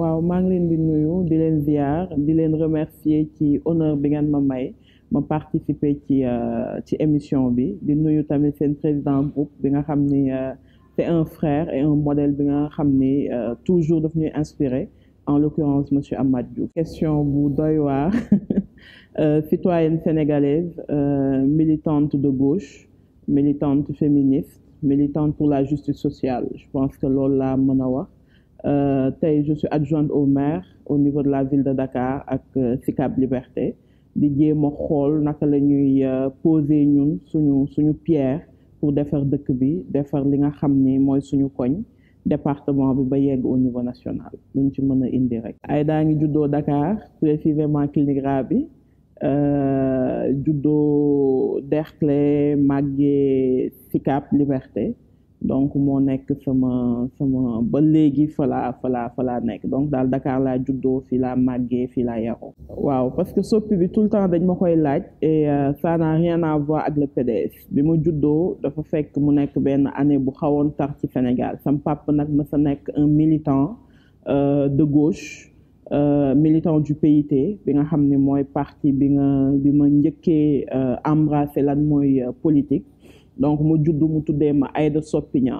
waaw maa ngi leen di nuyu di leen ziar di leen remercier ci honneur bi ngeen ma may ma participer ci euh, ci émission bi di nuyu tamit seen président groupe bi nga xam ni euh, c'est un frère et un modèle bi nga xam ni euh, toujours daf ñuy inspirer en l'occurrence monsieur Amath Diouf question bu doy waar citoyenne sénégalaise militante de gauche militante féministe militante pour la justice sociale je pense que loolu laa mën a wax Euh, tey je suis adjointe au maire au niveau de la ville de Dakar ak euh, Sicap Liberté di jéem a xool naka la ñuy euh, poser ñun suñu suñu pierre pour defar dëkk bi defar li nga xam ni mooy suñu koñ département bi ba yegg au niveau national luñ ci mën a indi rek. Aïda ngi juddoo Dakar précisément clinique ra bi juddoo Derklé màggee Sicap Liberté. donc moo nekk sama sama ba léegi falaa falaa falaa nekk donc daal Dakar laa juddoo fi laa màggee fi laa yaroo waaw parce que soppi bi tout le temps dañ ma koy laaj et euh, ça n'a rien à voir ak bi ma juddoo dafa fekk mu nekk benn année bu xawoon tar ci Sénégal sam papa nag ma sa nekk un militant euh, de gauche euh, militant du PIT bi nga xam ni mooy parti bi nga bi ma njëkkee embrasser lan mooy politique donc mu judd mu tuddee ma Aïda Soppiña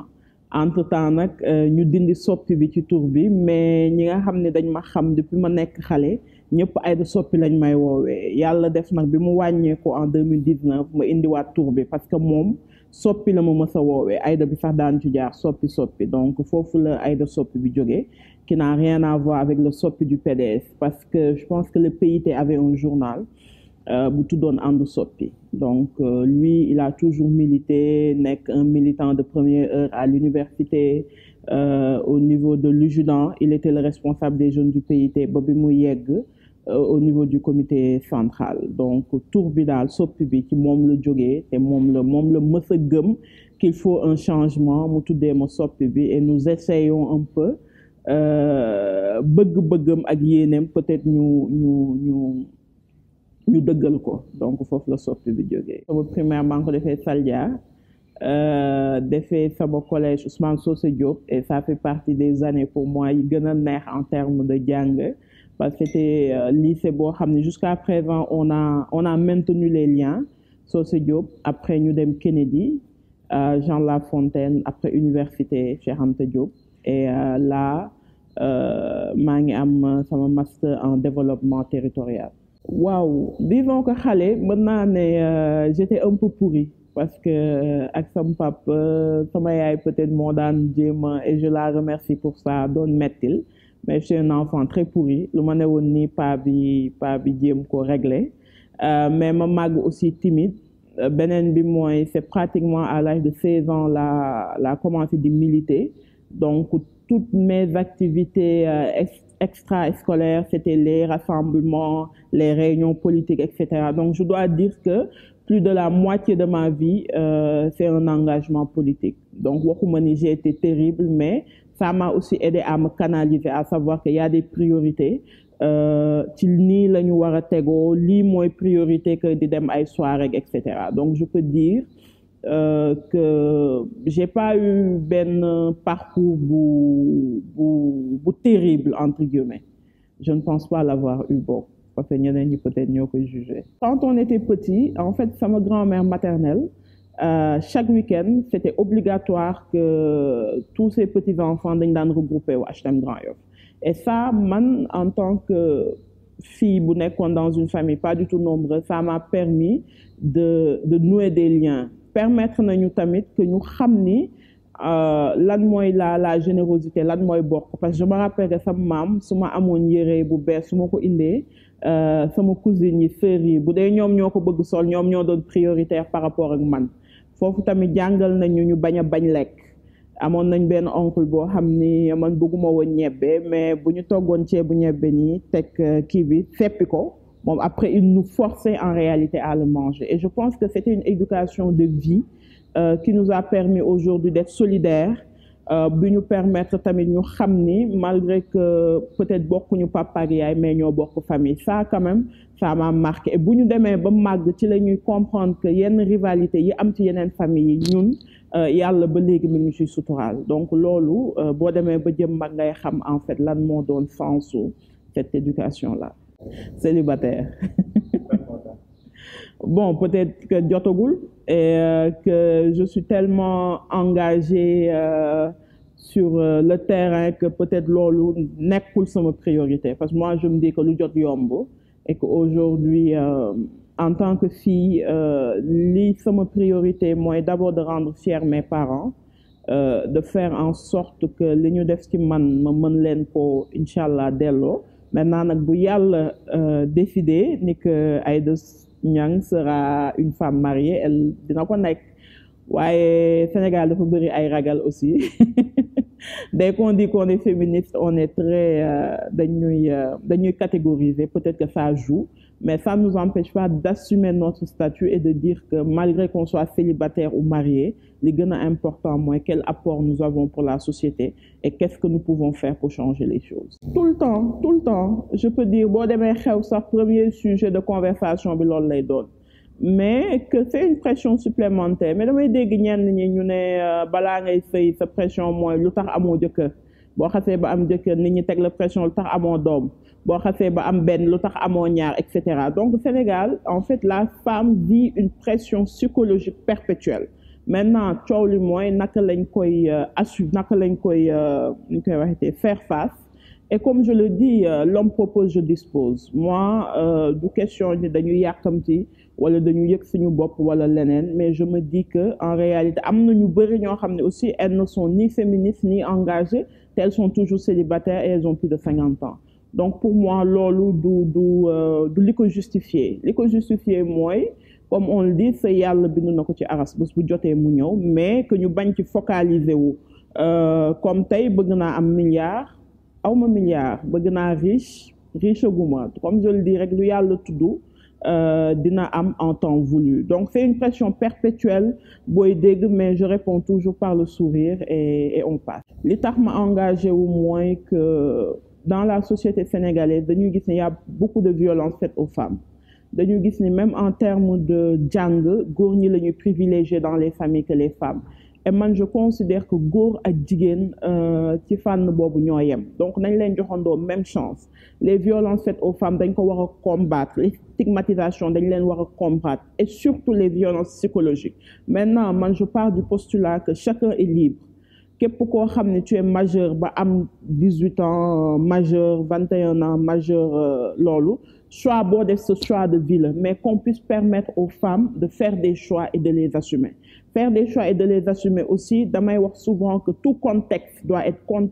entre temps nag euh, ñu dindi soppi bi ci tour bi mais ñi nga xam ne dañ ma xam depuis ma nekk xale ñëpp Aïda Soppi lañ may woowee yàlla def nag bi mu wàññeeku en deux mille dix-neuf ma indiwaat tour bi parce que moom soppi la ma mës a woowee bi sax daan ci jaar soppi soppi donc foofu la Aïda Soppi bi jóge qui n'a rien à avec le soppi du PDS parce que je pense que le PIT avait un journal Euh, bu tuddoon àndu soppi donc euh, lui il a toujours milité nekk un militant de première heure à l'université euh, au niveau de l'UJUDAN il était le responsable des jeunes du PIT ba bi mu yegg au niveau du comité central donc tour bi daal soppi bi ci moom la jógee moom la moom la mës gëm qu'il faut un changement mu tuddee ma soppi bi et nous essayons un peu bëgg-bëggam ak yéeneem peut-être ñu ñu ñu ñu dëggal ko donc foofu la soppi bi primaire maa ngi ko defee Saldia euh, defee sama collège Ousmane Socé Diop et ça fait partie des années pour moi yi gën a neex en termes de jàng parce que c'était euh, lycée boo xam ne jusqu'à présent on a on a maintenu les liens Socé Diop après ñu dem Kennedy euh, Jean Lafontaine après université Cheikh Anta Diop et là maa ngi am sama master en développement territorial waaw disons que xale mën naa ne j'étais un peu pourri parce que euh, ak sama papa euh, sama yaay peut-être moo daan jéem et je la remercie pour ça doon mettil mais je suis un enfant très pourri lu ma ne woon nii pa bi pa bi jéem ko régler euh, mais ma màgg aussi timide beneen bi mooy c'est pratiquement à l'âge de seize ans la la commencé di militer Donc, toutes mes activités euh, extrascolaires, c'était les rassemblements, les réunions politiques, etc. Donc, je dois dire que plus de la moitié de ma vie, euh, c'est un engagement politique. Donc, Wakumani, j'ai été terrible, mais ça m'a aussi aidé à me canaliser, à savoir qu'il y a des priorités. Euh, ci nii la ñu war a tegoo lii mooy priorité que di dem ay soirée etc. Donc, je peux dire Euh, que j'ai pas eu benn parcours bu bu bu terrible entre guillemets je ne pense pas l'avoir eu bon parce que ñeneen ñi peut-être ñoo koy jugé quand on était petit en fait sama grand-mère maternelle euh, chaque week-end c'était obligatoire que tous ces petits enfants dañ daan regroupé au HLM Grand Yoff et ça man en tant que fille bu nekkoon dans une famille pas du tout nombreuse ça m'a permis de de nouer des liens permettre nañu tamit que ñu xam ni euh, lan mooy la la générosité lan mooy bokk parce que je me rappelle sama maam su ma amoon yére bu bees su ma ko indee euh, sama cousine yi sœur yi bu dee ñoom ñoo ko bëgg sol ñoom ñoo doon prioritaire par rapport ak man foofu tamit jàngal nañu ñu bañ a bañ lekk amoon nañ benn oncle boo xam ni man bëgguma woon ñebbe mais bu ñu toggoon ceebu ñebbe nii teg euh, kii bi seppi ko Bon, après, ils nous forçaient en réalité à le manger. Et je pense que c'était une éducation de vie euh, qui nous a permis aujourd'hui d'être solidaire euh, bi ñu permettre tamit ñu xam ni malgré que peut-être bokkuñu papa ak yaay mais ñoo bokk famille ça quand même ça et bu ñu demee ba màgg ci la ñuy comprendre que yenn rivalité yi am ci yeneen famille yi ñun euh, yàlla ba léegi mi ñu ciy suturaal donc loolu euh, boo demee ba jëm mag ngay xam en fait lan moo doon sensu cette éducation là célibataire bon peut-être que jotagul et euh, que je suis tellement engagée euh, sur euh, le terrain que peut-être loolu nekkul sama priorité parce que moi je me dis que lu jot yomb et que aujourd'hui euh, en tant que fille li sama priorité mooy d'abord de rendre fiers mes parents de faire en sorte que li ñu def ci man ma mën leen ko incha allah delloo maintenant nag bu yàlla euh, décidé ni que Aïda Niang sera une femme mariée elle dina ko nekk waaye Sénégal dafa bëri ay ragal aussi dès qu'on dit qu'on est féministe on est très euh, dañuy euh, dañuy catégoriser peut-être que ça joue Mais ça ne nous empêche pas d'assumer notre statut et de dire que malgré qu'on soit célibataire ou marié, les gains importants, moins quel apport nous avons pour la société et qu'est-ce que nous pouvons faire pour changer les choses. Tout le temps, tout le temps, je peux dire, bon, demain, c'est premier sujet de conversation, mais que c'est une pression supplémentaire. Mais damay dégg ñenn ñi ñu ne euh, balaa ngay sëy sa pression mooy lu tax amoo jëkkër boo xasee ba am jëkkër nit ñi teg la pression lu tax amoo doom boo xasee ba am benn lu tax amoo ñaar et cetera donc Sénégal en fait la femme vit une pression psychologique perpétuelle maintenant coow li mooy naka lañ koy euh, assu naka lañ koy euh, ñu koy waxee faire face et comme je le dis euh, l'homme propose je dispose moi euh, du question ni dañu yàkkamti wala dañu yëg suñu bopp wala leneen mais je me dis en réalité am na ñu bëri ñoo xam ne aussi elles ne sont ni féministes ni engagées te elles sont toujours célibataires et elles ont plus de cinquante ans donc pour moi loolu du du euh, du li ko justifier li ko justifier mooy comme on le dit c'est yàlla bindu na ko ci aras bés bu jotee mu ñëw mais que ñu bañ ci focaliser wu euh, comme tey bëgg naa am milliard awma milliard bëgg naa riche riche guma comme je le dis rek lu yàlla euh, dina am en temps voulu donc c'est une pression perpétuelle booy dégg mais je réponds toujours par le sourire et, et on passe li tax ma engagé wu mooy que dans la société sénégalaise dañuy gis ne y a beaucoup de violence faite aux femmes dañuy gis ni même en termes de jàng góor ñi la ñuy privilégié dans les familles que les femmes et je considère que góor ak jigéen euh, ci fànn boobu ñoo yem donc nañ leen joxandoo même chance les violences faites aux femmes dañ ko war a combattre les stigmatisations dañ leen war a combattre et surtout les violences psychologiques maintenant man je pars du postulat que chacun est libre képp koo xam ne tu es ba am dix-huit ans majeur vingt et un ans euh, loolu choix boo def ce de vie la mais qu'on puisse permettre aux femmes de faire des choix et de les assumer faire des choix et de les assumer aussi damay wax souvent que tout contexte doit être con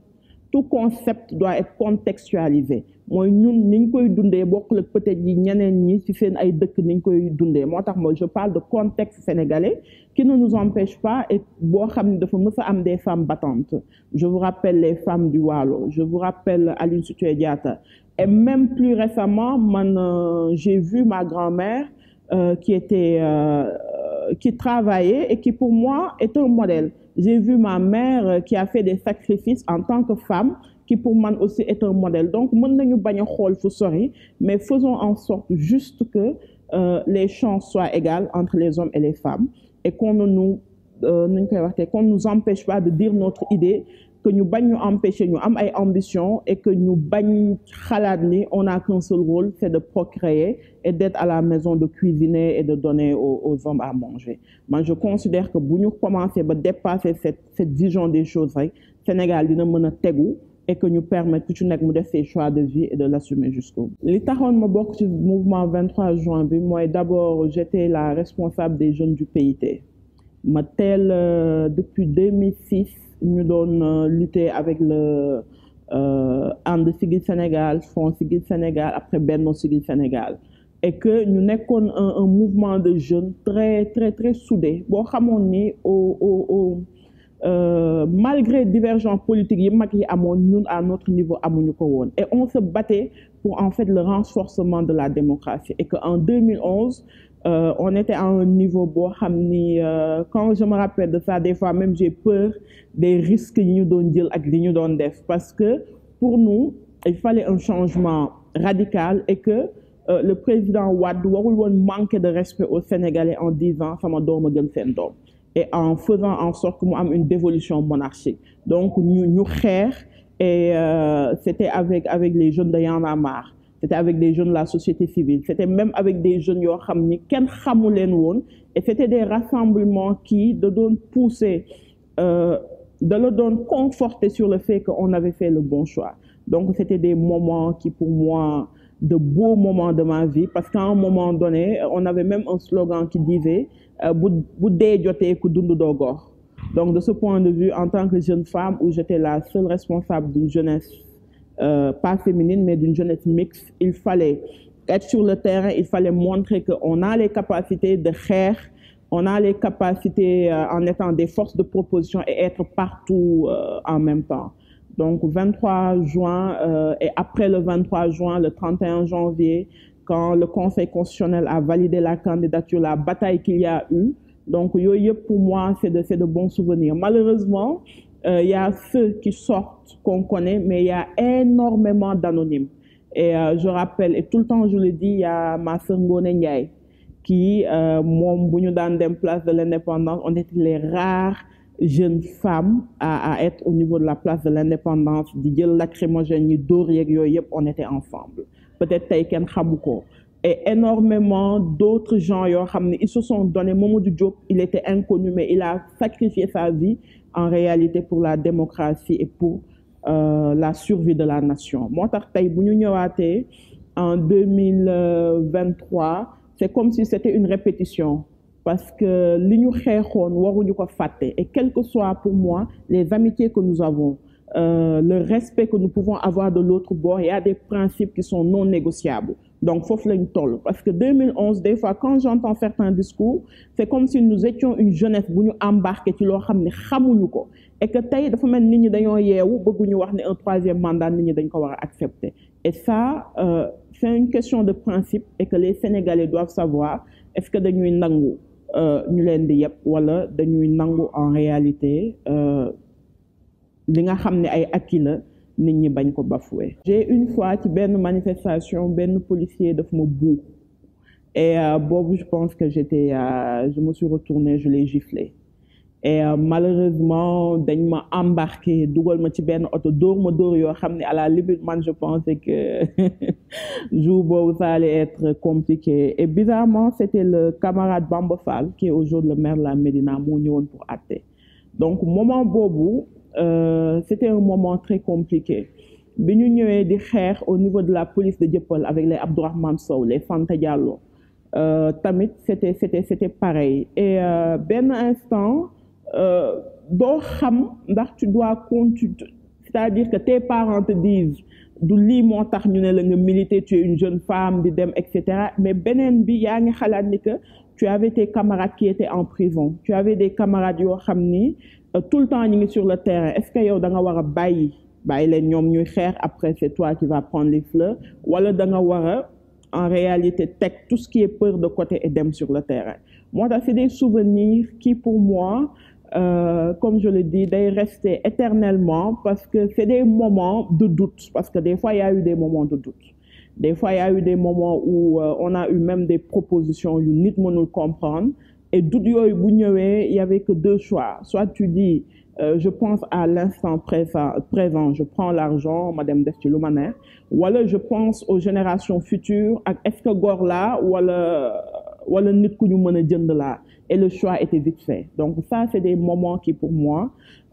tout concept doit être contextualisé mooy ñun ni ñu koy dundee bokkul ak peut-être yi ñeneen ñi ci seen ay dëkk ni ñu koy dundee moo tax mooy je de contexte sénégalais qui ne nous empêche pas et boo xam ne dafa mës a am des femmes battantes je vous Waalo je vous rappelle Aline Sitoé Diatta Et même plus récemment, man, euh, j'ai vu ma grand-mère euh, qui était, euh, euh, qui travaillait et qui pour moi est un modèle. J'ai vu ma mère euh, qui a fait des sacrifices en tant que femme, qui pour moi aussi est un modèle. Donc, mën nañu bañ a xool fu sori, mais faisons en sorte juste que euh, les chances soient égales entre les hommes et les femmes et qu'on ne nous, euh, qu'on ne nous empêche pas de dire notre idée que ñu bañ ñu empêcher ñu am ay ambition et que ñu bañ xalaat ni on a qu'un seul rôle c'est de procréer et d'être à la maison de cuisiner et de donner aux, aux hommes à manger man je considère que bu ñu commencer ba dépasser cette cette vision des choses rek Sénégal dina mën a tegu et que ñu permettre ku ci nekk mu def ses choix de vie et de l'assumer jusqu'au bout li taxoon ma bokk ci mouvement 23 juin bi mooy d'abord j'étais la responsable des jeunes du PIT ma teel euh, depuis 2006 ñu doon euh, lutter avec le euh, ànd Siggil Sénégal Front Siggil Sénégal après Benno Siggil Sénégal et que ñu nekkoon un un mouvement de jeunes très très très soudé boo xamoon ni au au au Euh, malgré divergences politiques yi mag yi amoon ñun à notre niveau amuñu ko woon et on se battait pour en fait le renforcement de la démocratie et que en 2011 Euh, on était à un niveau boo xam ni euh, quand je me rappelle de ça des fois même j'ai peur des risques yi ñu doon jël ak li ñu doon def parce que pour nous il fallait un changement radical et que euh, le président Wade warul woon manquer de respect aux Sénégalais en disant sama doom a gën seen doom et en faisant en sorte que mu am une dévolution monarchique donc ñu ñu xeex et euh, c'était avec avec les jeunes de Y'en a marre c'était avec des jeunes de la société civile c'était même avec des jeunes yoo xam ni kenn xamu leen woon et c'était des rassemblements qui da doon pousser euh, da la doon conforter sur le fait que on avait fait le bon choix donc c'était des moments qui pour moi de beaux moments de ma vie parce qu'à un moment donné on avait même un slogan qui disait euh, bu bu dee jotee ku dund doo góor donc de ce point de vue en tant que jeune femme où j'étais la seule responsable d'une jeunesse euh, pas féminine, mais d'une jeunesse mixte. Il fallait le terrain, il fallait montrer qu'on a les on a les euh, en étant des forces de proposition et être partout euh, en même temps. Donc 23 juin euh, et après le 23 le 31 janvier, quand le Conseil constitutionnel a validé la candidature, la bataille qu'il y a eu. Donc, yo, yo pour moi, c'est de, de bons souvenirs. Malheureusement, il euh, y a ceux qui sortent qu'on connaît, mais il y a énormément d'anonymes. Et euh, je rappelle, et tout le temps je le dis, il y a ma sœur Ngoné Ndiaye qui, euh, moom bu ñu daan dem place de l'indépendance, on était les rares jeunes femmes à, à être au niveau de la place de l'indépendance di jël lacrymogène yi dóor yeeg yooyu yëpp on était ensemble peut-être tey kenn xamu ko. et énormément d'autres gens yoo xam ne ils se sont donnés Mamadou Diop il était inconnu mais il a sacrifié sa vie en réalité pour la démocratie et pour euh, la survie de la nation moo tax tey bu ñu ñëwaatee en 2023 c'est comme si c'était une répétition parce que li ñu xeexoon waruñu ko fàtte et quel que soit pour moi les amitiés que nous euh, le respect que nous pouvons de l'autre bord des principes qui sont non donc foofu lañu toll parce que 2011 des fois quand j'entends certains discours c'est comme si nous étions une jeunesse bu ñu embarqué ci loo xam ne xamuñu ko et que tey dafa mel nit ñi dañoo yeewu bëgguñu wax ni un troisième mandat nit ñu dañ ko war a accepter et ça euh, une question de principe et que les Sénégalais doivent savoir est-ce que dañuy nangu euh, ñu leen di yëpp wala dañuy nangu en réalité euh, li nga xam ne ay acquis la nit ñi bañ ko bafoué j'ai une fois ci benn manifestation benn policier de daf ma buux et euh, boobu je pense que j'étais euh, je me suis retournée je l'ai giflé et euh, malheureusement dañ ma embarqué dugal ma ci benn oto dóor ma dóor yoo xam ne à la limite man je pensais que jour boobu ça allait être compliqué et bizarrement c'était le camarade Bamba Fall qui est aujourd'hui le maire la Médina moo ñëwoon pour atte donc moment boobu Euh, c'était un moment très compliqué bi ñu ñëwee di xeex au niveau de la police de Dieuppeul avec les Abdourahmane Sow les Fanta Diallo euh, tamit c'était c'était c'était pareil et euh, benn instant doo xam ndax tu dois continuer c'est-à-dire que tes parents te disent du lii moo tax ñu ne la nga militer tu es une jeune femme di dem et cetera mais beneen bi yaa ngi xalaat ni que tu avais tes camarades qui étaient en prison tu avais des camarades yoo xam ni euh, tout le temps ñu ngi sur le terrain est-ce que yow da nga war a bàyyi bàyyi leen ñoom ñuy xeex après c'est toi qui vas prendre les fleurs wala da nga war a en réalité teg tout ce qui est peur de côté et dem sur le terrain moo tax c'est des souvenirs qui pour moi Euh, comme je le dis day rester éternellement parce que c'est des moments de doute parce que des fois il y a eu des moments de doute Des fois, il y a eu des moments où euh, on a eu même des propositions yu nit mënul comprendre et doute yooyu bu ñëwee il y avait que deux choix soit tu dis euh, je pense à l'instant présent, présent je prends l'argent ma dem def ci lu ma neex wala je pense aux générations futures ak est-ce que góor la wala wala nit ku ñu mën a jënd la et le choix donc ça c'est des moments qui pour moi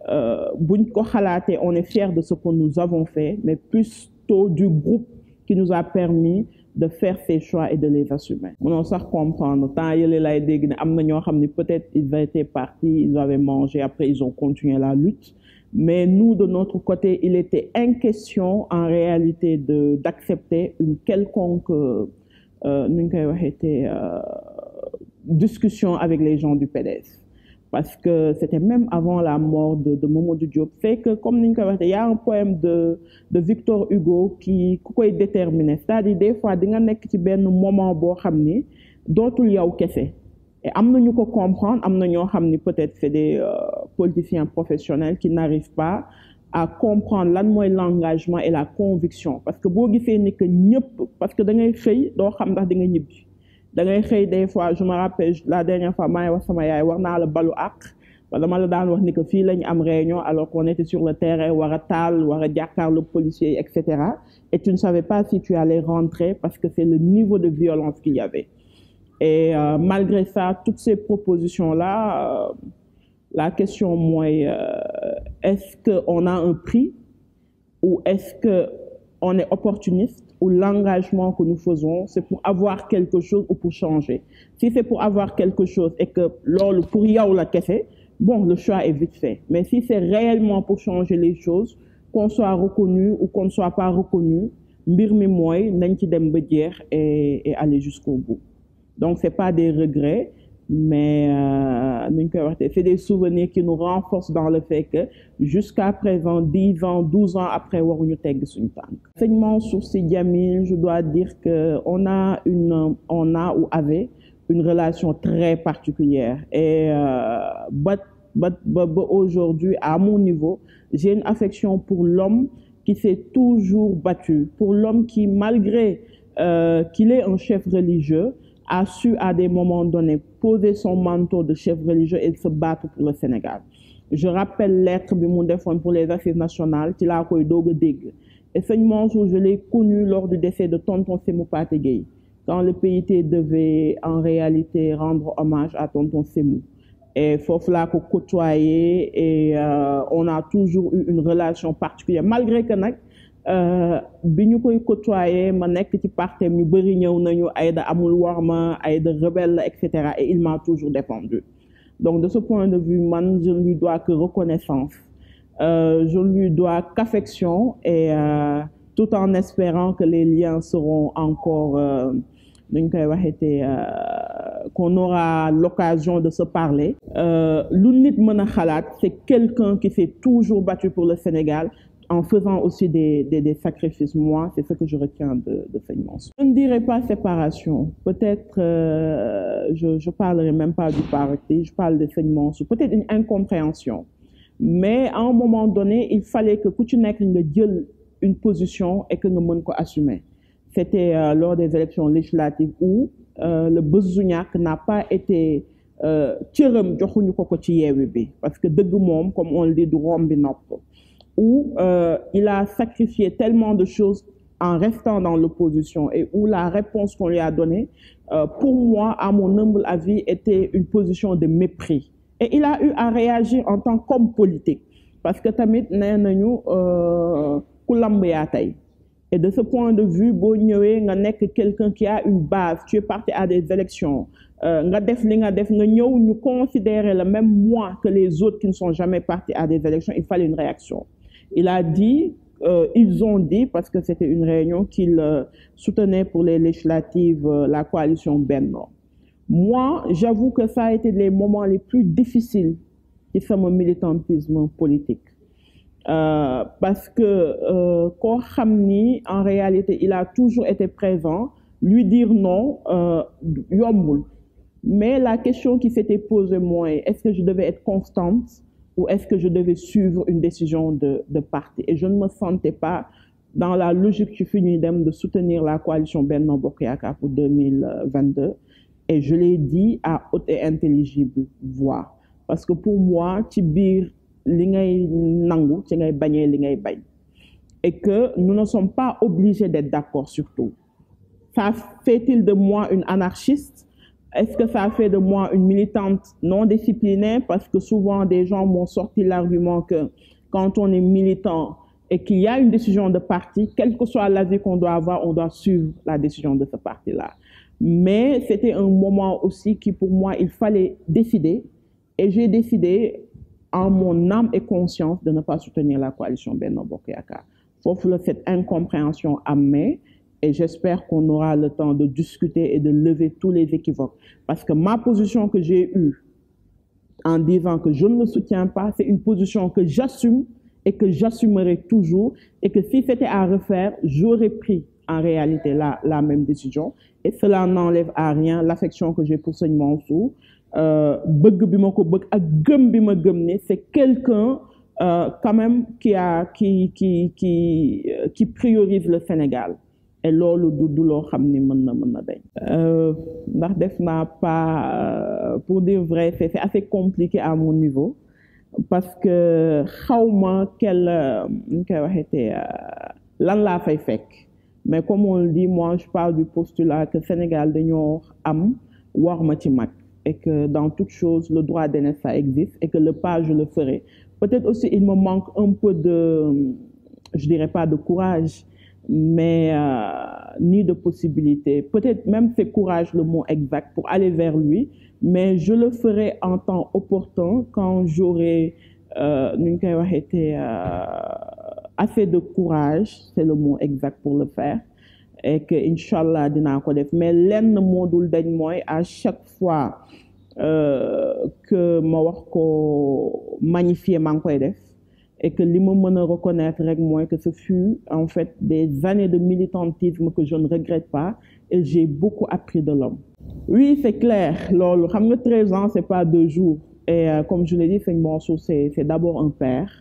euh, buñ ko xalaatee on est fier de ce que nous avons fait mais plus tôt du groupe qui nous a permis de faire ces choix et de les assumer. mënoo sax comprendre temps yële lay dégg ne am na ñoo xam ne peut-être ils étaient partis ils avaient mangé après ils ont continué la lutte mais nous de notre côté il était inquestion en réalité de d'accepter une quelconque euh, nu ñu koy waxeete euh, discussion avec les gens du PDS. parce que c'était même avant la mort de de Mamadou Diop fait que comme ni ñu koy waxee y un poème de Victor Hugo qui ku koy déterminer c'est-à-dire des fois di nga nekk ci benn moment boo xam ni dootul yow kese et am na ñu ko comprendre am na ñoo xam ni peut-être c'est des euh, politiciens professionnels qui n'arrivent pas à comprendre lan mooy l'engagement et la conviction parce que boo gisee ni que ñëpp parce que da xëy doo xam ndax di nga ñibbi da ngay xëy des fois je me rappelle la dernière fois maa ngi wax sama yaay war naa la balu àq dama la daan wax ni que fii la ñu am réunion alors qu'on était sur le terrain war a taal war a jàkkaarloo policiers et cetera et tu ne savais pas parce que c'est le niveau de violence qu'il y avait euh, ça toutes ces propositions euh, la question mooy euh, est-ce que on a un prix ou est-ce que est opportuniste ou l'engagement que nous faisons, c'est pour avoir quelque chose ou pour changer. Si c'est pour avoir quelque chose et que lors le pourria ou la café, bon, le choix est vite fait. Mais si c'est réellement pour changer les choses, qu'on soit reconnu ou qu'on ne soit pas reconnu, mbir mi mooy nañ ci dem ba jeex et aller jusqu'au bout. Donc c'est pas des regrets. mais euh, nuñ koy waxte c'est des souvenirs qui nous renforcent dans le fait que jusqu'à présent dix ans douze ans après waruñu tegg suñu tànk enseignement Sourcy Djamil je dois dire que on a une on a ou avait une relation très particulière et euh, ba ba ba aujourd'hui à mon niveau j'ai une affection pour l'homme qui s'est toujours battu pour l'homme qui malgré euh, qu'il est un chef religieux a su à des moments donnés poser son manteau de chef religieux et se battre pour le Sénégal je rappelle lettre bi mu defoon pour les assises nationales ci laa koy doog a dégg et sëñ Mansour je l'ai connu lors du décès de tonton Sémou Pathé Gueye quand le PIT devait en réalité rendre hommage à tonton Sémou et foofu laa ko côtoyé et euh, on a toujours eu une relation particulière malgré que nag Euh, bi ñu koy côtoyer ma nekk ci partem ñu bëri ñëw nañu Aïda amul worma Aïda rebelle et cetera et il m'a toujours défendu donc de ce point de vue man je ne lui dois que reconnaissance euh, je ne lui dois qu'affection et euh, tout en espérant que les liens seront encore euh, nu ñu koy waxeete euh, qu'on aura l'occasion de se parler lu nit mën a xalaat c'est quelqu'un qui s'est toujours battu pour le Sénégal en faisant aussi des, des, des sacrifices, moi, c'est ce que je retiens de, de cette mention. Je ne dirais pas séparation. Peut-être, euh, je parlerai même pas du parti, je parle de cette mention. Peut-être une incompréhension. Mais à un moment donné, il fallait que Kouchinek ne une position et que nous ne assumer. C'était euh, lors des élections législatives où euh, le Bezouniak n'a pas été euh, parce que de comme on le dit, du rombi où euh, il a sacrifié tellement de choses en restant dans l'opposition et où la réponse qu'on lui a donnée, euh, pour moi, à mon humble avis, était une position de mépris. Et il a eu à réagir en tant qu'homme politique parce que tamit nee nañu euh, ku lamb yaa tey et de ce point de vue boo ñëwee nga nekk quelqu'un qui a une base tu es parti à des élections euh, nga def li nga def nga ñëw ñu considérer le même moi que les autres qui ne sont jamais partis à des élections il fallait une réaction Il a dit, euh, ils ont dit, parce que c'était une réunion qu'il euh, soutenait pour les législatives, euh, la coalition Benno. Moi, j'avoue que ça a été les moments les plus difficiles qui sont mon militantisme politique. Euh, parce que euh, Kohamni, en réalité, il a toujours été présent. Lui dire non, euh, Yomboul. Mais la question qui s'était posée, moi, est-ce que je devais être constante ou est-ce que je devais de, de parti Et je me sentais pas dans la logique du FUNIDEM de soutenir la coalition Benno Bokyaka pour 2022. Et je l'ai à haute et intelligible voix. Parce que pour moi, Tibir, l'ingay nangu, l'ingay bagné, l'ingay bagné. Et que nous ne sommes pas obligés d'être de moi une est-ce que ça fait de moi une militante non disciplinée Parce que souvent, des gens m'ont sorti l'argument que quand on est militant et qu'il y a une décision de parti, quel que soit l'avis qu'on doit avoir, on doit suivre la décision de ce parti-là. Mais c'était un moment aussi qui, pour moi, il fallait décider. Et j'ai décidé, en mon âme et conscience, de ne pas soutenir la coalition Benno Bokeyaka. Sauf cette incompréhension amée. et j'espère qu'on aura le temps de discuter et de lever tous les équivoques. Parce que ma position que j'ai eue en disant que je ne le soutiens pas, c'est une position que j'assume et que j'assumerai toujours et que si c'était à refaire, j'aurais pris en réalité la, la même décision. Et cela n'enlève à rien l'affection que j'ai pour Seigneur Mansour. Euh, c'est quelqu'un euh, quand même qui, a, qui, qui, qui, euh, qui priorise le Sénégal. et loolu du du loo xam ni mën na mën na dañ euh, ndax def naa pas euh, pour dire vrai c'est c'est assez compliqué à mon niveau parce que xawma quel euh, ñu koy waxeete lan laa fay fekk mais comme on le dit moi je parle du postulat que Sénégal dañoo am war ma ci mag et que dans toute chose le droit d'aînesse ça existe et que le pas je le ferai peut-être aussi il me manque un peu de je dirais pas de courage mais euh, ni de possibilité. Peut-être même c'est courage le mot exact pour aller vers lui, mais je le ferai en temps opportun quand j'aurai euh, été euh, assez de courage, c'est le mot exact pour le faire, et que Inch'Allah dina ko def. Mais lenn moo dul dañ mooy à chaque fois euh, que ma wax ko magnifier maa ngi koy def. et que li ma mën a reconnaître rek mooy que ce fut en fait des années de militantisme que je ne regrette pas et j'ai beaucoup appris de l'homme oui c'est clair loolu xam nga 13 ans c'est pas deux jours et euh, comme je l'ai dit Serigne Mansour c'est c'est d'abord un père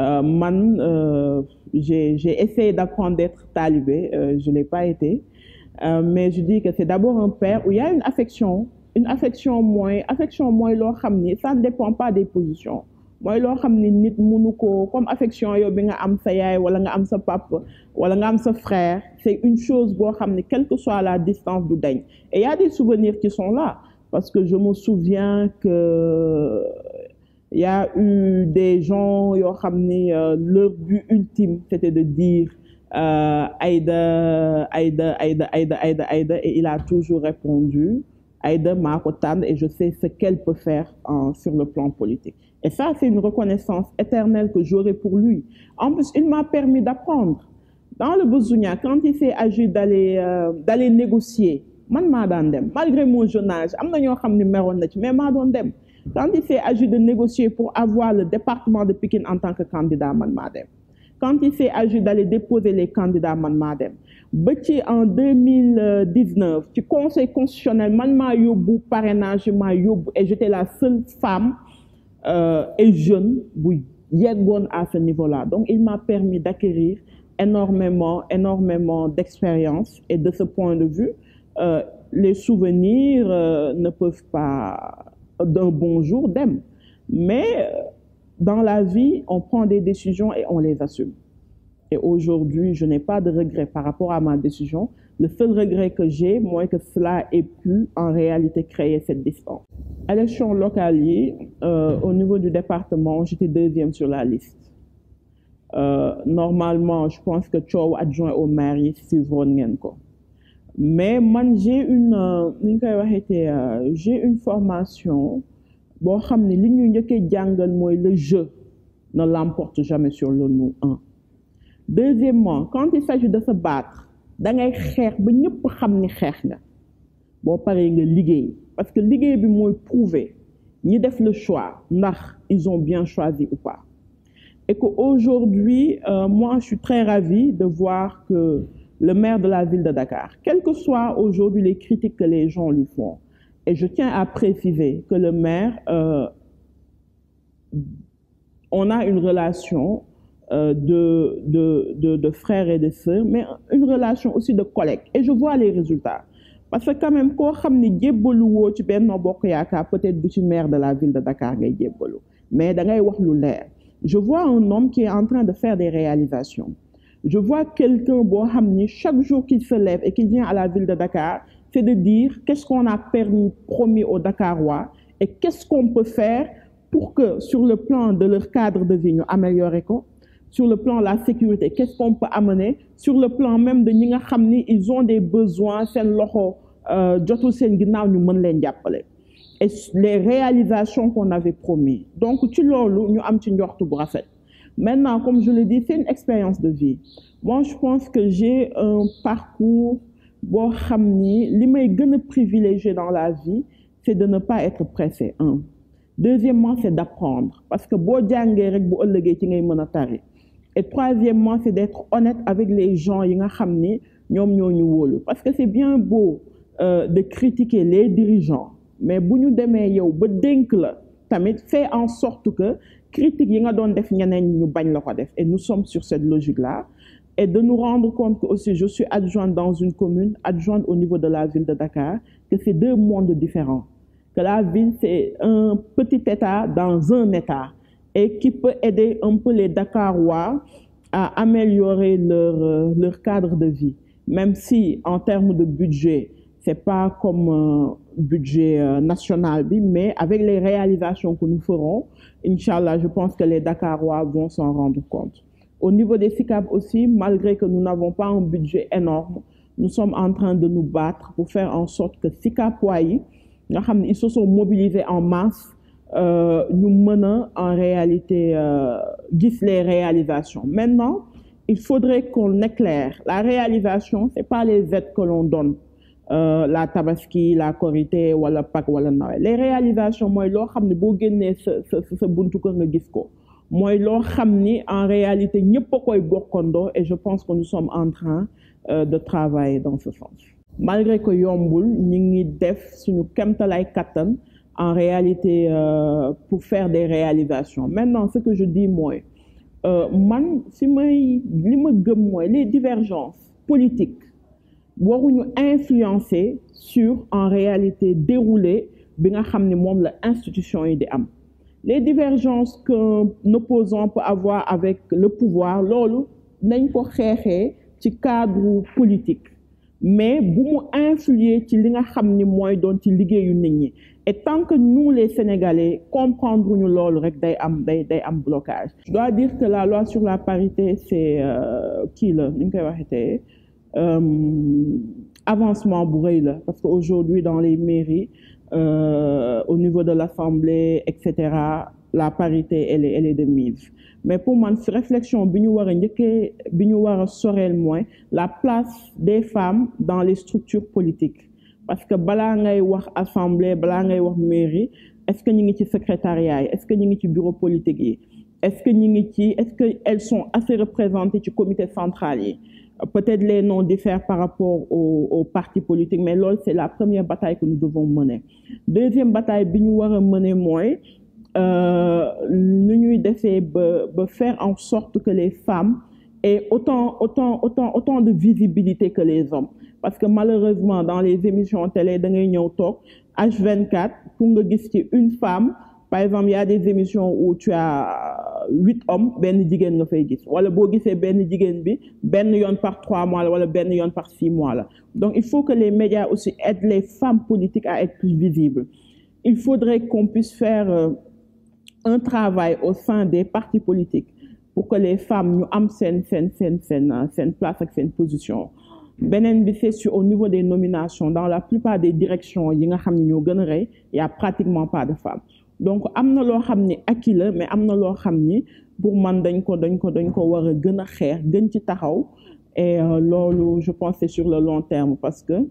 euh, man euh, j'ai j'ai essayé d'apprendre d'être talibé euh, je l'ai pas été euh, mais je dis que c'est d'abord un père où il y a une affection une affection mooy affection mooy loo xam ni ça ne dépend pas des positions mooy loo xam ni nit mënu ko comme affection yow bi nga am sa yaay wala nga am sa papa wala nga am sa frère c'est une chose boo xam ni quelle que soit la distance du dañ et y a des souvenirs qui sont là parce que je me souviens que y a eu des gens yoo xam ni euh, leur but ultime c'était de dire euh, Aïda Aïda Aïda Aïda Aïda Aïda et il a toujours répondu Aïda Mahakotan et je sais ce qu'elle peut faire en, euh, sur le plan politique. Et ça, c'est une reconnaissance éternelle que j'aurai pour lui. En plus, il m'a permis d'apprendre. Dans le Bozounia, quand il s'est agi d'aller euh, d'aller négocier, man maa daan dem malgré mon jeune âge am na ñoo xam ne meroon na ci mais maa doon dem quand il s'est agi de négocier pour avoir le département de Pikine en tant que candidat man maa dem quand il s'est agi d'aller déposer les candidats man maa dem ba ci en deux mille dix neuf ci conseil constitutionnel man maa yóbbu parrainage maa yóbbu et j'étais la seule femme euh, et jeune bu yeggoon à ce niveau là donc il m'a permis d'acquérir énormément énormément d'expérience et de ce point de vue euh, les souvenirs euh, ne peuvent pas d'un bon jour dem mais euh, dans la vie, on prend des décisions et on les assume. Et aujourd'hui, je n'ai pas de regret par rapport à ma décision. Le seul regret que j'ai, moi, que cela ait pu en réalité créer cette distance. Élection locale, euh, au niveau du département, j'étais deuxième sur la liste. Euh, normalement, je pense que Chow adjoint au maire, Sivron Mais moi, j'ai une, euh, euh, j'ai une formation boo xam ne li ñu njëkkee jàngal mooy le jeu ne l'emporte jamais sur le nous un deuxièmement quand il s'agit de se battre da ngay xeex ba ñëpp xam ni xeex nga boo paree nga liggéey parce que liggéey bi mooy prouver ñi def le choix ndax ils ont bien choisi ou pas et que aujourd'hui euh, moi je suis très ravie de voir que le maire de la ville de Dakar quelles que soient aujourd'hui les critiques que les gens lui font Et je tiens à préciser que le maire, euh, on a une relation euh, de, de, de, de, frères et de sœurs, mais une relation aussi de collègues. Et je vois les résultats. Parce que quand même, quand on ni djebolu tu ben non peut-être du maire de la ville de Dakar ngay djebolu. Mais da ngay wax lu leer. Je vois un homme qui est en train de faire des réalisations. Je vois quelqu'un bo xamni chaque jour qu'il se lève et qu'il vient à la ville de Dakar, c'est de dire qu'est-ce qu'on a permis, promis aux Dakarois et qu'est-ce qu'on peut faire pour que sur le plan de leur cadre de vie, nous améliorions sur le plan de la sécurité, qu'est-ce qu'on peut amener, sur le plan même de ñi nga xam ni ils ont des besoins seen loxo euh, jotul seen ginnaaw ñu mën leen jàppale et les réalisations qu'on avait promis donc ci loolu ñu am ci njortu bu rafet maintenant comme je le dis c'est une expérience de vie moi je boo xam ni li may gën a privilégié dans la vie c'est de ne pas être pressé un deuxièmement c'est d'apprendre parce que boo jàngee rek bu ëllëgee ci ngay mën a tari et troisièmement c'est d'être honnête avec les gens yi nga xam ni ñoom ñoo ñu wóolu parce que c'est bien beau euh, de critiquer les dirigeants mais bu ñu demee yow ba dénk la tamit fais en sorte que critique yi nga doon def ñeneen ñu bañ la ko def et nous sommes sur cette logique là et de nous rendre compte que aussi je suis adjointe dans une commune, adjointe au niveau de la ville de Dakar, que c'est deux mondes différents. Que la ville, c'est un petit État dans un État et qui peut aider un peu les Dakarois à améliorer leur, euh, cadre de vie. Même si en termes de budget, c'est pas comme euh, budget euh, national national, mais avec les réalisations que nous ferons, Inch'Allah, je pense que les Dakarois vont s'en rendre compte. Au niveau des SICAP aussi, malgré que nous n'avons pas un budget énorme, nous sommes en train de nous battre pour faire en sorte que SICAP yi nga xam ne ils se sont mobilisés en masse ñu mën a en réalité euh, gis les réalisations maintenant il faudrait qu'on éclaire la réalisation c'est pas les aides que l'on donne euh, la tabaski la korité wala Pâques wala Noël les réalisations mooy loo xam ne boo génnee sa sa sa buntu ko nga gis ko mooy loo xam ni en réalité ñëpp a koy bokkandoo et je pense que nous sommes en train euh, de travailler dans ce sens malgré que yombul ñi ngi def suñu kemtalaay kattan en réalité euh, pour faire des réalisations maintenant ce que je dis mooy euh, man si may ma gëm mooy les divergences politiques waruñu influencer sur en réalité déroulé bi nga xam ne moom la institution yi di am les divergences qu'un opposant peut avoir avec le pouvoir loolu nañ ko xeexee ci cadre politique mais bu mu influer ci li nga xam ni mooy doon ci liggéeyu nit ñi et tant que nous les Sénégalais comprendre ñu loolu rek day am day day am blocage. je dois dire que sur la parité c'est euh, kii la ni koy waxeetee euh, avancement bu rëy la parce que aujourd'hui dans les mairies. euh, au niveau de l'Assemblée, etc. La parité, elle est, elle est de mise. Mais pour moi, cette réflexion, c'est moins la place des femmes dans les structures politiques. Parce que balaa ngay wax assemblée balaa ngay wax mairie est-ce que ñu ngi ci secrétariat yi est-ce que ñu ngi ci bureau politique yi est-ce que ñu ngi ci est-ce que elles sont assez représentées ci comité central yi. peut-être les noms diffèrent par rapport aux, aux partis politiques mais loolu c'est la première bataille que nous devons mener deuxième bataille bi ñu war a mener mooy euh, nu ñuy defee ba ba faire en sorte que les femmes aient autant autant autant autant de visibilité que les hommes parce que malheureusement dans les émissions télé da ngay ñëw toog H24 pour nga gis ci une femme par exemple y des émissions où tu as hommes benn jigéen nga fay gis wala boo gisee benn jigéen bi benn yoon par trois mois la wala benn yoon par six mois la donc il faut que les médias aussi aident les femmes politiques à être plus visibles il faudrait qu'on puisse faire euh, un travail au sein des partis politiques pour que les femmes ñu am seen seen seen seen euh, seen place ak seen position beneen bi se sur au niveau des nominations dans la plupart des directions yi nga xam ne ñoo gën a rey y pas de femmes donc am na loo xam ni acquis la mais am na loo xam ni pour man dañ ko dañ ko dañ ko war a gën a xeex gën ci taxaw e loolu je pense sur le long terme parce que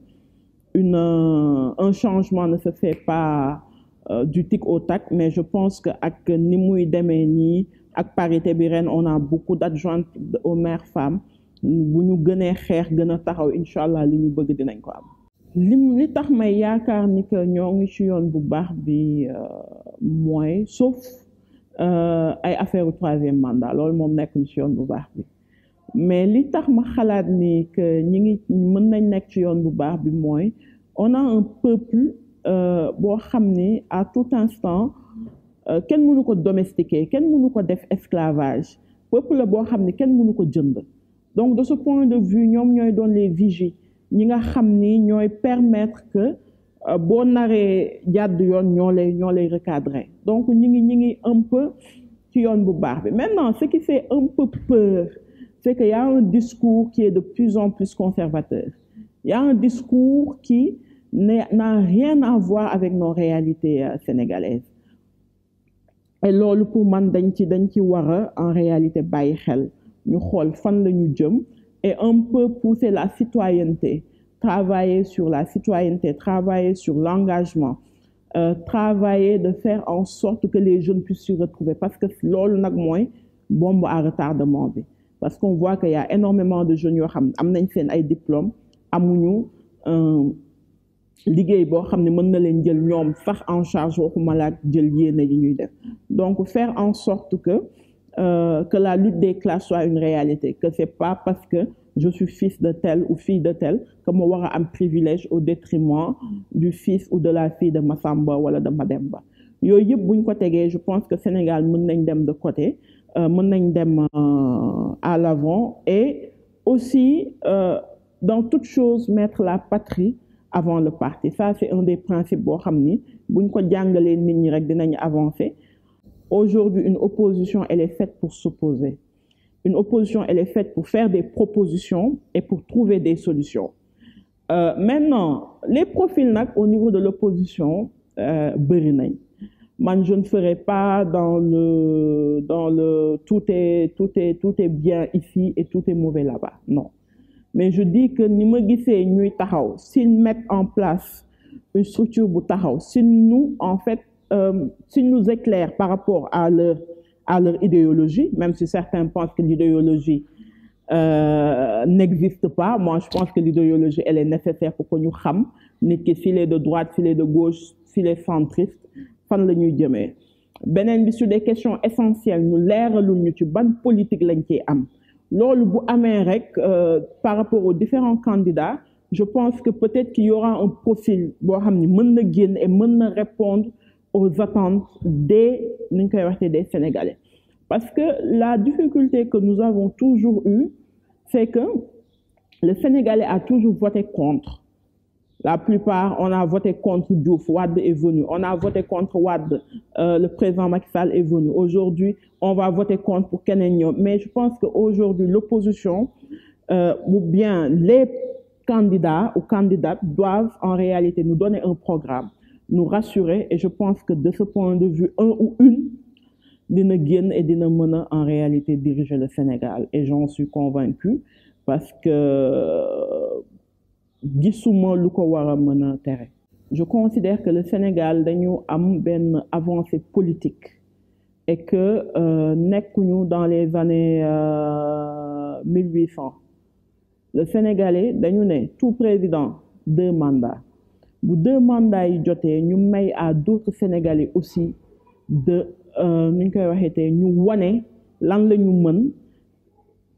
une euh, un changement ne se fait pas euh, du tic au tac mais je pense que ak ni muy demee nii ak parité bi ren on a beaucoup d'adjointes au maire femme bu ñu gënee xeex gën a taxaw incha allah li ñu bëgg dinañ ko am. li tax may yaakaar ni que ñoo ngi ci yoon bu baax bi. mooy sauf euh, ay affaire troisième mandat loolu moom nekk ci yoon bu baax bi mais li tax ma xalaat ni que ñi ngi mën nañ nekk ci yoon bu baax bi mooy on a un peuple euh, boo xam ni à tout instant euh, kenn mënu ko domestiquer kenn munu ko def esclavage peuple la boo xam ni kenn mënu ko jënd donc de ce point de vue ñoom ñooy doon les vigies ñi nga xam ni ñooy permettre que Euh, boo naree jàdd yoon ñoo lay ñoo recadrer donc ñu ngi ñu ngi un peu ci yoon bu baax bi maintenant ce qui fait un peu peur c'est que y a un discours qui est de plus en plus conservateur y a un discours qui n'a rien à voir avec nos réalités euh, sénégalaises et loolu pour man dañ ci dañ ci war a en réalité bàyyi xel ñu xool fan la ñu jëm et un peu pousser la citoyenneté travailler sur la citoyenneté, travailler sur l'engagement, euh, travailler de faire en sorte que les jeunes puissent s'y retrouver. Parce que loolu nag mooy bombe à retardement bi parce qu'on voit qu'il y énormément de jeunes yoo xam ne am nañ seen ay diplômes amuñu euh, liggéey boo xam ne mën na leen jël ñoom sax en charge waxuma la jël yéene yi ñuy def donc faire en sorte que euh, que la lutte des classes soit une réalité que c'est pas parce que je suis fils de tel ou fille de tel que ma war a am privilège au détriment du fils ou de la fille de Massamba wala de Mademba yooyu yëpp buñ ko tegee je pense que Sénégal mën nañ dem de côté euh, mën nañ dem euh, à l'avant et aussi euh, dans toute chose mettre la patrie avant le parti ça c'est un des principes boo xam ni buñ ko jàngalee nit ñi rek dinañ avancé aujourd'hui une opposition elle est faite pour s'opposer Une opposition, elle est faite pour faire des propositions et pour trouver des solutions. Euh, maintenant, les profils nag au niveau de l'opposition euh, bëri nañ man je ne ferai pas dans le dans le tout est tout est tout est bien ici et tout est mauvais là-bas non mais je dis que ni ma gisee ñuy taxaw s'ils mettent en place une structure bu taxaw s'ils nous en fait euh, s'ils nous éclairent par rapport à leur à leur idéologie, même si certains pensent que l'idéologie euh, n'existe pas. Moi, je pense que l'idéologie, elle est nécessaire pour que nous sachions nit ki s'il de droite, s'il de gauche, s'il est centriste, fan la ñuy jëmee. beneen bi sur des questions essentielles ñu leeralul ñu ci ban politique lañ ciy am loolu bu amee rek euh, par rapport aux différents candidats je pense que peut-être qu'il y aura un profil boo xam ni mën na génn et mën na répondre aux attentes des ni ñu koy waxee des Sénégalais parce que la difficulté que nous avons toujours eue c'est que le Sénégalais a toujours voté contre la plupart on a voté contre Diouf Wade est venu on a voté contre Wade euh, le président Macky Sall est venu aujourd'hui on va voter contre pour keneen ñoom mais je pense que aujourd'hui l'opposition euh, ou bien les candidats ou candidates doivent en réalité nous donner un programme nous rassurer et je pense que de ce point de vue un ou une dina génn et dina mën a en réalité diriger le Sénégal et j'en suis convaincu parce que euh, gisuma lu ko war a mën a tere je considère que le Sénégal dañu am benn avancée politique et euh, nekkuñu dans les années euh, mille huit cent le Sénégalais dañu ne tout président deux bu deux mandats yi jotee ñu may à d'autres Sénégalais aussi de euh, nu ñu koy waxee tey ñu wane lan la ñu mën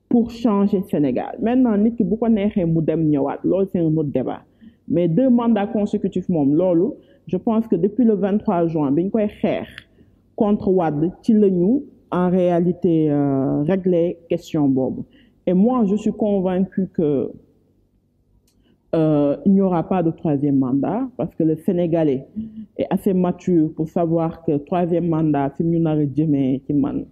pour changer Sénégal maintenant nit ki bu ko neexee mu dem ñëwaat loolu c'est un autre débat mais deux mandats consécutifs moom loolu je pense que depuis le 23 juin bi ñu koy xeex contre Wade ci la ñu en réalité euh, régler question boobu et moi je suis convaincu que euh, il n'y aura pas de troisième mandat parce que le Sénégalais est assez mature pour savoir que troisième mandat fi mu ñu nar a jëmee ci man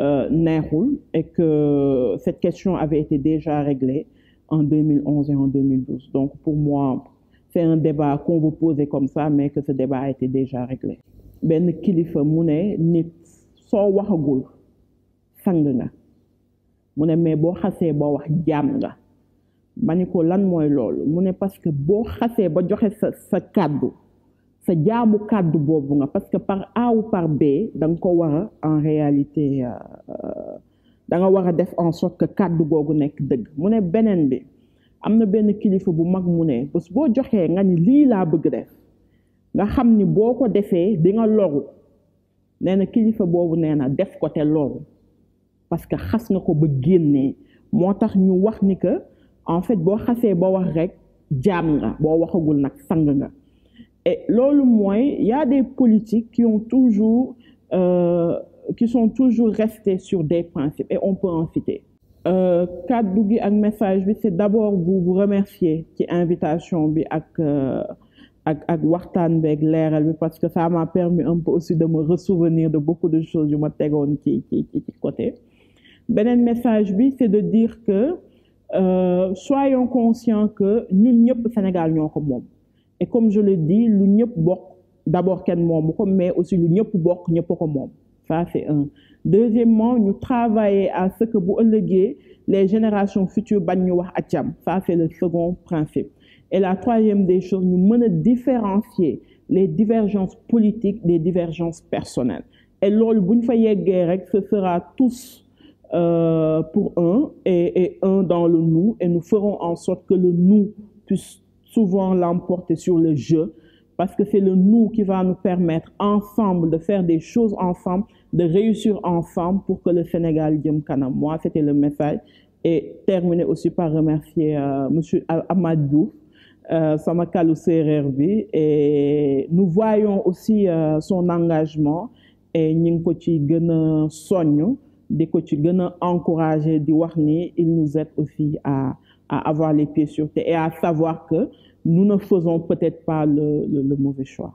euh, neexul et que cette question avait été déjà réglée en 2011 et en 2012 donc pour moi c'est un débat qu'on vous posait comme ça mais que ce débat a été déjà réglé. benn kilifa mu ne nit soo waxagul sang nga mu ne mais boo xasee boo wax jaam ma ni ko lan mooy loolu mu ne parce que boo xasee ba joxe sa sa kàddu sa jaamu kàddu boobu nga parce que par A par B da nga ko war a en réalité euh, euh, da war a def en sorte que kàddu googu nekk dëgg mu ne beneen bi am na benn kilifa bu mag mu ne bés boo joxee nga ni lii laa bëgg def nga xam ni boo ko defee dinga nga loru nee na kilifa boobu nee na def ko te loru parce que xas nga ko ba génnee moo tax ñu wax ni que. en fait boo xasee boo wax rek jaam nga boo waxagul nag sang nga et loolu mooy y a des politiques qui toujours euh, qui sont toujours restés sur des principes et on peut en citer euh, kàddu gi ak message bi c'est d'abord vous vous remercier ci invitation bi ak euh, ak ak waxtaan beeg leeral bi parce que ça m'a permis un peu aussi de me ressouvenir de beaucoup de choses yu ma tegoon ci ci ci beneen message bi c'est de dire que Euh, soyons conscients que ñun ñëpp Sénégal ñoo ko moom et comme je le dis lu ñëpp bokk d'abord kenn moomu ko mais aussi lu ñëpp bokk ñëpp ko moom ça c'est un deuxièmement ñu travailler à ce que bu ëllëgee les générations futures bañ ñu wax accam ça c'est le second principe et la troisième des choses ñu mën a différencier les divergences politiques des divergences personnelles et loolu bu ñu fa yeggee sera tous euh, pour un et, et, un dans le nous et nous ferons en sorte que le nous puisse souvent l'emporter sur le jeu parce que c'est le nous qui va nous permettre ensemble de faire des choses ensemble, de réussir ensemble pour que le Sénégal diem kanam. Moi, c'était le message et terminer aussi par remercier euh, monsieur Amadou euh, Samakalu CRRB et nous voyons aussi euh, son engagement et ñu ngi ko ci gën a soññ di ko ci gën a encourager di wax ni il nous aide aussi à à avoir les pieds sur terre et à savoir que nous ne faisons peut-être pas le, le, le mauvais choix.